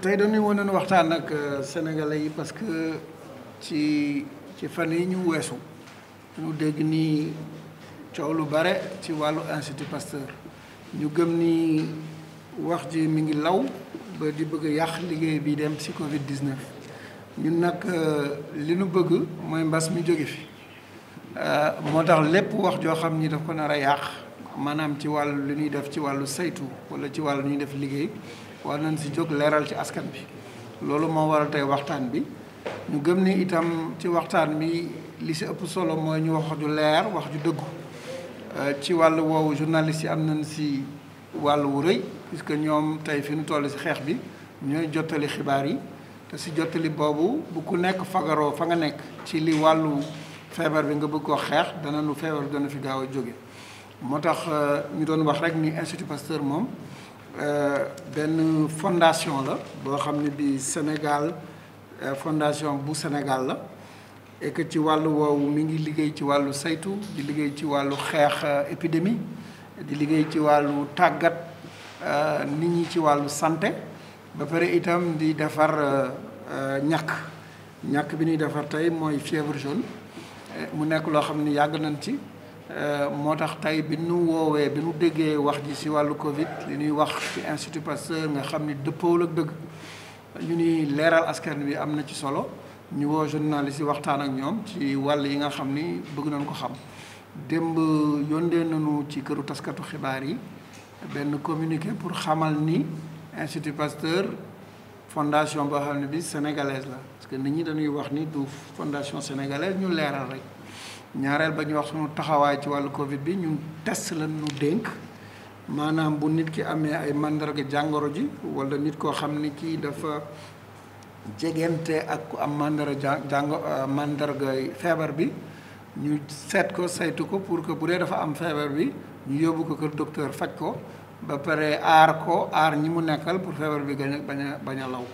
tay dañuy woon nañu waxtaan nak euh, sénégalais yi parce que ci ci fane ñu weesu ñu dégg ni coow lu bare ci wàllu institut Pasteur ñu gëm ni wax ji mi ngi law ba di bëgg yàq liggéey bi dem ci Covid 19 ñun nak euh, li ñu bëgg moy mbass mi joggé fi euh, moo motax lépp wax jo xamni daf ko nar a yàq maanaam ci walu li ñuy def ci walu saytu wala ci walu ñuy def liggéey. war nañ si jóg leeral ci askan bi loolu moo waral tey waxtaan bi ñu gëm ni itam ci waxtaan bi li si ëpp solo mooy ñu wax ju leer wax ju dëggu euh, ci wàll woowu journaliste yi am nañ si wàll wu rëy que ñoom tey fi ñu toll si xeex bi ñooy jottali xibaar yi te si jottali boobu bu ku nekk fagaroo fa nga nekk ci li wàllu feebar bi nga bëgg koo xeex dana nu feebar dana fi gaaw a jóge moo tax euh, ñu doon wax rek ni Institut Pasteur moom ben fondation la bo xamné bi Sénégal euh, fondation bu Sénégal la et que ci walu woowu mi ngi liggéey ci walu saytu di liggéey ci walu xeex euh, épidémie di liggéey ci walu tagat euh nit ñi ci walu santé ba pare itam di défar euh ñak ñak bi ñuy défar tay moy fièvre jaune mu nekk lo xamné yag nañ ci Euh, moo tax tey bi nu woowee bi nu déggee wax ji ci wàllu Covid li ñuy wax ci Institut Pasteur nga xam ni dëppoowul ak dëgg ñu ni leeral askan bi am na ci solo ñu woo journaliste yi waxtaan ak ñoom ci wàll yi nga xam ni bëgg nañ ko xam démb yóndee nañu ci këru taskatu xibaar yi benn communiqué pour xamal ni Institut Pasteur fondation boo xam ne bi sénégalaise la parce que nit ñi dañuy wax ni du fondation sénégalaise ñu leeral rek ñaareel ba ñu wax suñu taxawaay ci wàllu Covid bi ñun test la ñu dénk maanaam bu nit ki amee ay màndarga jàngoro ji walla nit koo xam ne kii dafa jegante ak ku am màndarga jàngo euh, màndarga feebar bi ñu seet ko saytu ko pour que bu dee dafa am feebar bi ñu yóbbu ko kër docteur faj ko ba pare aar ko aar ñi mu nekkal pour feebar bi bañ bañ a law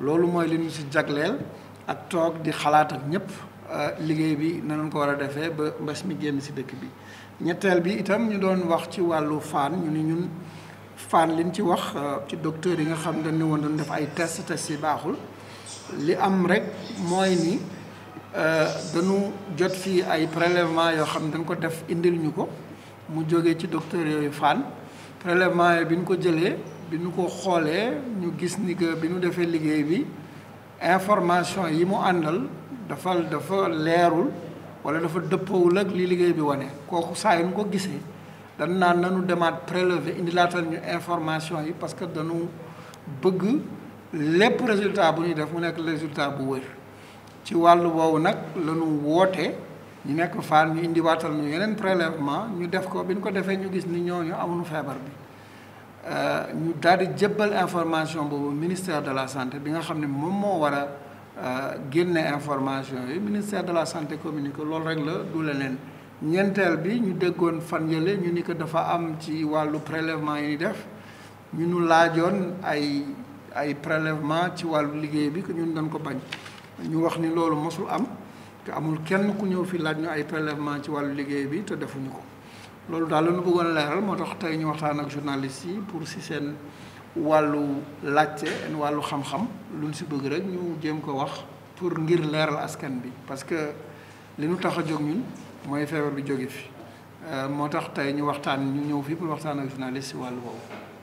loolu mooy li ñu si jagleel ak toog di xalaat ak ñëpp. Euh, liggéey bi nanuñ ko war a defee ba mbas mi génn ci dëkk bi ñetteel bi itam ñu doon wax ci wàllu faan ñu ni ñun faan liñ ci wax euh, ci docteur yi nga xam dañ ne woon ay test test baaxul li am rek mooy ni euh, dañu jot fii ay prélèvement yoo xam dañ ko def indil ñu ko mu jóge ci docteur yooyu faan prélèvement yi bi ñu ko jëlee bi nu ko xoolee ñu gis ni que bi ñu defee liggéey bi information yi mu àndal dafa dafa leerul wala dafa dëppoowul ak li liggéey bi wane kooku saa yu ñu ko gisee dañ naan nañu demaat prélevé indi ñu information yi parce que dañu bëgg lépp résultat bu ñuy def mu nekk résultat bu wër ci wàllu woowu nag lanu woote ñu nekk fan ñu indiwaatal ñu yeneen prélèvement ñu def ko bi ñu ko defee ñu gis ni ñooñu amuñu feebar bi euh, ñu daal di jébbal information boobu ministère de la santé bi nga xam ne moom moo war a Euh, génne information yi ministère de la santé communique loolu rek la du leneen ñeenteel bi ñu déggoon fan yële ñu ni que dafa am ci wàllu prélèvement yi def ñu nu laajoon ay ay prélèvement ci wàllu liggéey bi que ñun dañ ko bañ ñu wax ni loolu mosul am te amul kenn ku ñëw fi laaj ñu ay prélèvement ci wàllu liggéey bi te defuñu ko loolu daal la ñu bëggoon leeral moo tax tey ñu waxtaan ak journaliste yi pour si seen wàllu laajte wàllu xam-xam lu ñu si bëgg rek ñu jéem ko wax pour ngir leeral askan bi parce que li ñu tax a jóg ñun mooy feebar bi jóge fi euh, moo tax tey ñu waxtaan ñu ñëw fii pour waxtaan ak journaliste si wàllu woowu.